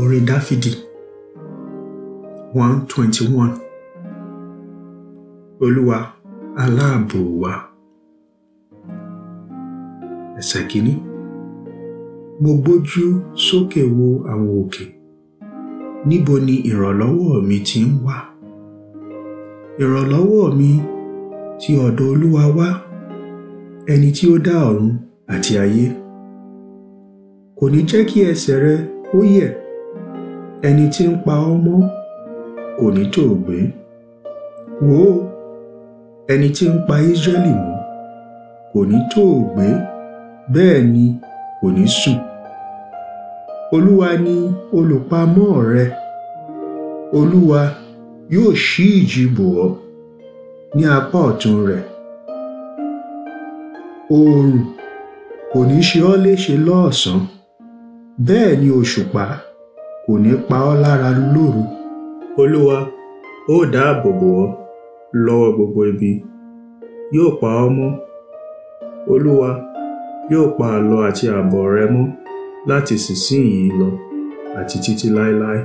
orin dáfídì one twenty one olúwa aláàbò wa ẹsẹ̀ kìíní mo gbójú sókè wo àwọn òkè níbo ni ìrànlọ́wọ́ mi ti ń wá ìrànlọ́wọ́ mi ti ọ̀dọ̀ olúwa wá ẹni tí ó dá ọ̀run àti ayé kò ní jẹ́ kí ẹsẹ̀ rẹ ó yẹ̀ ẹni tí ń pa ọ́ mọ́ kò ní tòògbé wò ó ẹni tí ń pa Ísírẹ́lì mọ́ kò ní tòògbé bẹ́ẹ̀ ni kò ní sùn Olúwa ni olùpamọ́ rẹ Olúwa yóò ṣí ìjì bò ọ́ ní apá ọ̀tún rẹ̀ oòrùn kò ní ṣe ọ́ léṣe lọ́ọ̀sán bẹ́ẹ̀ ni òṣùpá kò ní pa ọ́ lára lóru. olúwa ó dáàbò bò ọ́ lọ́wọ́ gbogbo ibi yóò pa ọ́ mọ́ olúwa yóò pa àlọ àti àbọ̀ rẹ mọ́ láti sísìn yìí lọ àti títí láéláé.